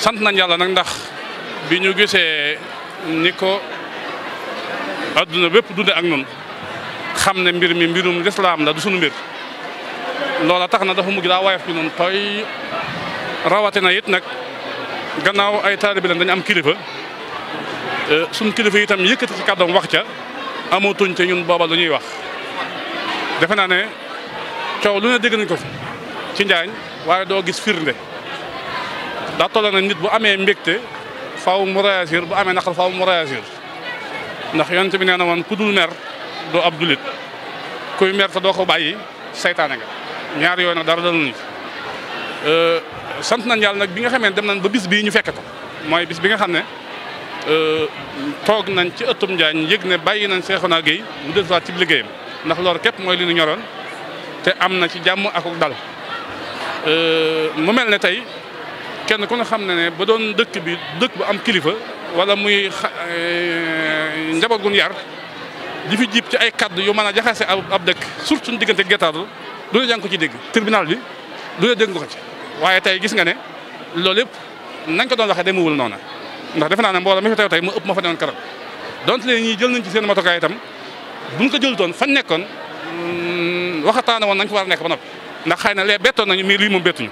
sant nañ yàlla nag ndax bi ñu gisee ni ko adduna bépp dunde ak noonu xam ne mbir mi mbirum lislaam la du sunu mbir loola tax na dafa mujj daa woyof ci noonu tooy rawatina it nag gannaaw ay taalibe lañ dañ am kilifa eh, sun kilifa itam yëkkati ci kàddoom wax ca amatuñ te ñun booba lu ñuy wax. defe naa ne coow lu ne dégg nañ ko fi ci njaañ waaye doo gis firnde. ndax tolloo na nit bu amee mbégte faaw mu réagir bu amee naqar faaw mu réagir ndax yonent bi nee na woon ku dul mer doo ab dulit kuy mer te doo ko bàyyi saytaane nga ñaar yooyu nag dara dalul ñu sant nañ yàlla nag bi nga xamee dem nañ ba bis bii ñu fekk ko mooy bis bi nga xam ne toog nañ ci ëttum Njaañ yëg ne bàyyi nañ Seexuna Géey mu dellusiwaat ci liggéeyam ndax loolu képp mooy li ñu ñoroon te am na ci jàmm ak dal mu mel ne tey كان كنا خمنا بدون دك بي دك بام كلفة ولا مي خ نجيب أقول يار دي في جيب أي كاد يوم أنا جاها سأ أبدك سرط ديك أنت جت هذا دوني جانكو كي ديك تربينال دي دوني جانكو كذي واي تاي جيس غني لوليب نانكو دون لخدمة مول نونا نهدفنا أنا بقول مش تاي تاي مو أب ما فنان كرب دونت لي نيجيل تكاي تام بنك جيل دون فن يكون وقت أنا وانا كبار نكبنا نخاين لي بيتون أنا بيتون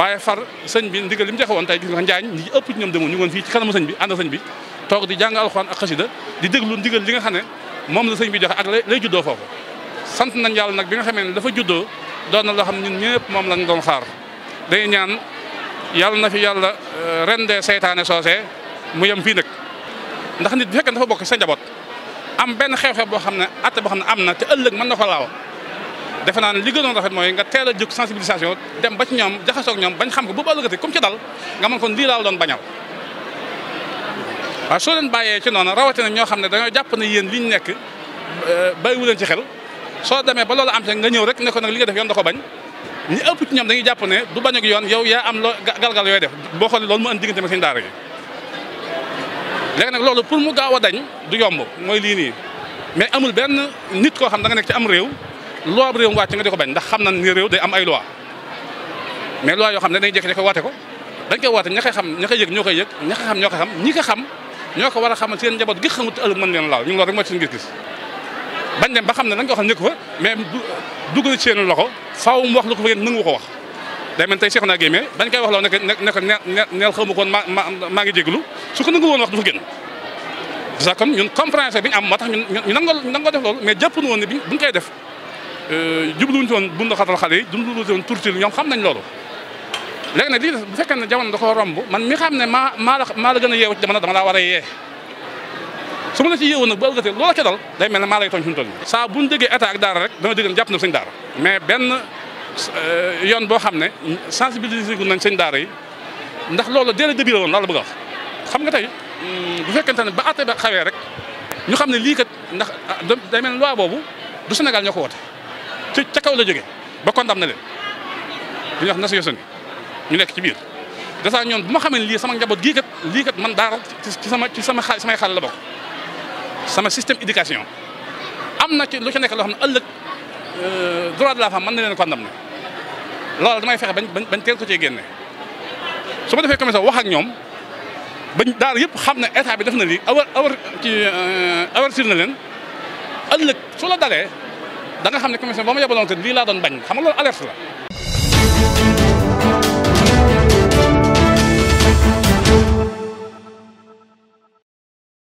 waaye far sëñ bi ndigal li mu joxe woon tey gis nga njaañ ñi ëpp ci ñoom demoon ñu ngoon fii ci kanamu sëñ bi ànd sëñ bi toog di jàng alxuraan ak xasida di déglu ndigal li nga xam ne moom la sëñ bi joxe ak lay juddoo foofu sant nañ yàlla nag bi nga xamee ne dafa juddoo doon na loo xam ñun ñëpp moom la lañ doon xaar day ñaan yàlla na fi yàlla euh, rendee seytaane soosee mu yem fii nag ndax nit bi fekkee dafa bokk sa njaboot am benn xew-xew boo xam ne atte boo xam ne am na te ëllëg mën na ko laaw defe naa ne li gënoon rafet mooy nga teel a jóg sensibilisation dem ba ci ñoom jaxasoog ñoom bañ xam ko bu ba ëllëgatee comme ci dal nga mën kon lii doon bañal waaw soo leen bàyyee ci noonu rawatina ñoo xam ne dañoo jàpp ne yéen li ñu nekk euh, bàyyiwu wuleen ci xel soo demee ba loolu am te nga ñëw rek ne ko nag li nga def yoon da ko bañ ñi ëpp ci ñoom dañuy du bañ yoon yow yaa am loo galgal yooyu def boo xoolee loolu mu andi diggante ak seen nag loolu pour mu gaaw a dañ du yomb mooy lii nii mais amul benn nit koo xam da nga nekk ci am réew loi am réew wàcc nga di ko bañ ndax xam nañ yoo xam ne dañuy jékki-jékki waate ko dañ koy waate ña koy ña koy yëg ñoo koy yëg ña koy xam ñoo koy xam ñi ko xam ñoo ko war a xamal seen njaboot gi xamut ëllëg mën leen loolu rek mooy seen gis-gis bañ dem ba xam ne dañ ko xam ñëkk fa mais dugg ci seen loxo faaw wax lu ko fa ngeen nangu ko wax day mel tey Cheikh naa koy wax loo nekk ne ko neel xaw ma maa ngi jéglu su ko nangu woon wax du fa génn moo tax ñun ñu nangoo def loolu mais jàpp woon ne bi buñ koy def jubluwuñ ci woon bund xatal xale yi jubluwuñ ci woon turtil ñoom xam nañ loolu léegi nag lii bu fekkee ne jamono da koo romb man mi xam ne maa maa la maa la gën a yeewu ci jamono dama laa war a yee su ma la ci yeewoon nag bu ëllëgatee loola ca dal day mel ne maa lay tooñ fi mu toll nii saa bu ñu déggee état ak daara rek dama dégg ne jàpp na sëñ daara mais benn yoon boo xam ne sensibiliser gu nañ sëñ daara yi ndax loolu dès le début la woon loolu la bëgg a wax xam nga tey bu fekkente ne ba àtte ba xawee rek ñu xam ne lii kat ndax day mel ne loi boobu du Sénégal ñoo ko woote ci ca kaw la jógee ba na leen li ñuy wax nation soni ñu nekk ci biir dèjà ñoom bu ma xamee lii sama njaboot gii kat lii kat man daara ci sama ci sama xaal samay xaal la bokk sama système éducation am na ci lu ci nekk loo xam ne ëllëg euh, droit de la femme mën na leen condamné loolu damay fexe bañ bañ teel ko cee génne su ma defee comme wax ak ñoom bañ daara yëpp xam ne état bi def na lii awar awar ci euh, avertir na leen su la dalee da nga xam ne commission ba ma yebaloon kat lii laa doon bañ xam nga loolu alerte la